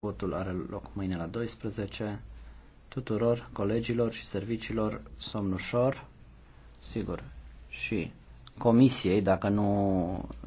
Votul are loc mâine la 12. Tuturor colegilor și serviciilor somnușor, sigur, și comisiei, dacă nu